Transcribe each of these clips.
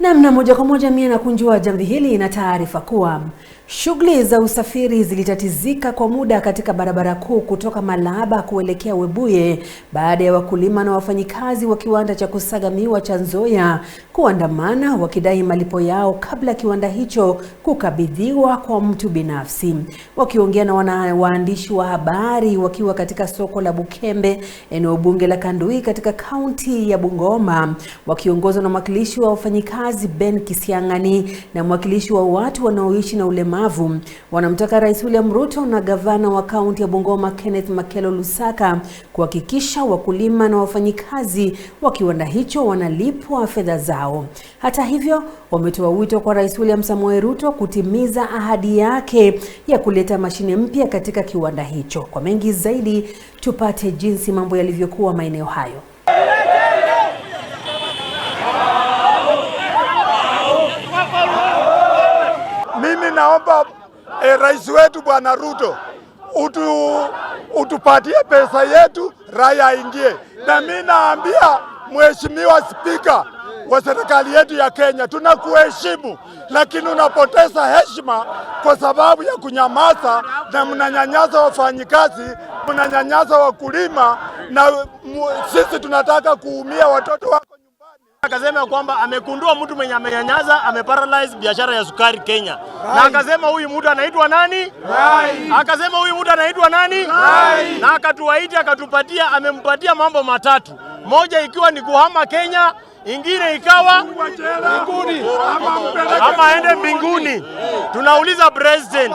Namna moja kwa moja na kunjua jamvi hili na taarifa kuwa shughuli za usafiri zilitatizika kwa muda katika barabara kuu kutoka Malaba kuelekea Webuye baada ya wakulima na wafanyikazi wa kiwanda cha kusaga miwa cha Nzoia kuandamana wakidai malipo yao kabla kiwanda hicho kukabidhiwa kwa mtu binafsi. Wakiongea na waandishi wa habari wakiwa katika soko la Bukembe, eneo bunge la Kandui katika kaunti ya Bungoma, wakiongozwa na mwakilishi wa wafanyikazi Kazi Ben Kisiang'ani na mwakilishi wa watu wanaoishi na ulemavu wanamtaka Rais William Ruto na gavana wa kaunti ya Bungoma Kenneth Makelo Lusaka kuhakikisha wakulima na wafanyikazi wa kiwanda hicho wanalipwa fedha zao. Hata hivyo, wametoa wito kwa Rais William Samoei Ruto kutimiza ahadi yake ya kuleta mashine mpya katika kiwanda hicho. Kwa mengi zaidi, tupate jinsi mambo yalivyokuwa maeneo hayo. naomba eh, rais wetu bwana Ruto utu, utupatie pesa yetu raya aingie na mimi naambia mheshimiwa spika wa serikali yetu ya Kenya, tunakuheshimu lakini unapoteza heshima kwa sababu ya kunyamaza, na mnanyanyaza wafanyikazi, mnanyanyaza wakulima, na sisi tunataka kuumia watoto wako. Akasema kwamba amekundua mtu mwenye amenyanyaza ameparalyze biashara ya sukari Kenya. Rai. Na akasema huyu mtu anaitwa nani? Rai. Akasema huyu mtu anaitwa nani? Rai. Na akatuwaita akatupatia, amempatia mambo matatu, moja ikiwa ni kuhama Kenya, ingine ikawa ama aende mbinguni. Tunauliza president,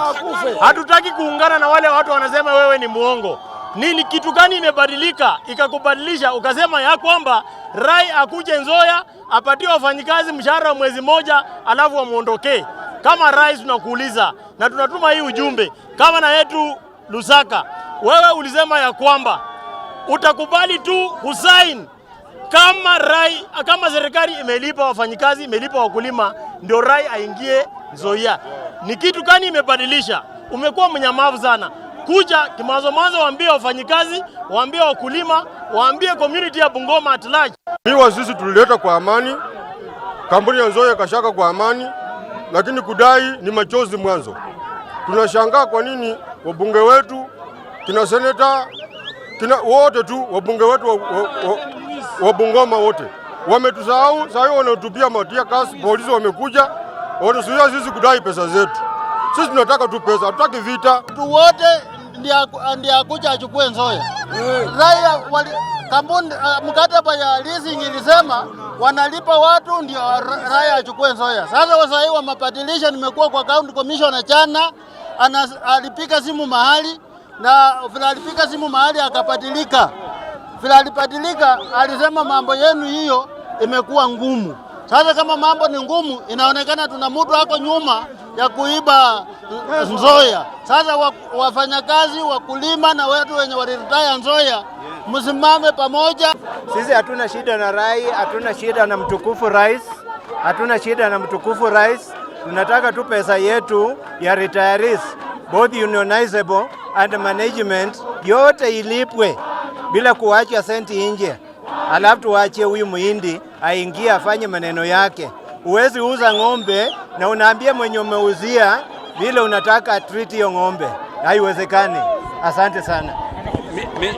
hatutaki kuungana na wale watu wanasema wewe ni muongo nini, kitu gani imebadilika ikakubadilisha ukasema ya kwamba Rai akuje Nzoia apatie wafanyikazi mshahara wa mwezi moja alafu amwondokee Kama Rai tunakuuliza na tunatuma hii ujumbe, kama na yetu Lusaka, wewe ulisema ya kwamba utakubali tu kusaini kama Rai, kama serikali imelipa wafanyikazi, imelipa wakulima, ndio Rai aingie Nzoia. Ni kitu gani imebadilisha? Umekuwa mnyamavu sana kuja mazo, waambie wafanyikazi, waambie wakulima, waambie community ya Bungoma at large. Miwa sisi tulileta kwa amani, kampuni ya Nzoia kashaka kwa amani, lakini kudai ni machozi mwanzo. Tunashangaa kwa nini wabunge wetu kina seneta kina wote tu wabunge wetu wa, wa, wa, wa Bungoma wote wametusahau. Sasa hiyo wanatupia matia kasi, polisi wamekuja wanatuzuia sisi kudai pesa zetu. Sisi tunataka tu pesa, hatutaki vita. Mtu wote ndiye akuja achukue Nzoia eh. raia wali kampuni uh, mkataba ya leasing ilisema wanalipa watu ndio raia achukue Nzoia. Sasa wasahii wamebadilisha. Nimekuwa kwa county commissioner jana, alipika simu mahali na vile alipika simu mahali akabadilika, vile alibadilika alisema mambo yenu hiyo imekuwa ngumu. Sasa kama mambo ni ngumu, inaonekana tuna mtu ako nyuma ya kuiba nzoya Sasa wafanyakazi, wakulima na watu wenye waliritaya nzoya msimame pamoja. Sisi hatuna shida na rai, hatuna shida na mtukufu rais, hatuna shida na mtukufu rais. Tunataka tu pesa yetu ya retirees, both unionizable and management, yote ilipwe bila kuwacha senti nje. Alafu tuwache huyu muhindi aingie afanye maneno yake. Uwezi uza ng'ombe na unaambia mwenye umeuzia vile unataka atriti hiyo ng'ombe, haiwezekani. Asante sana.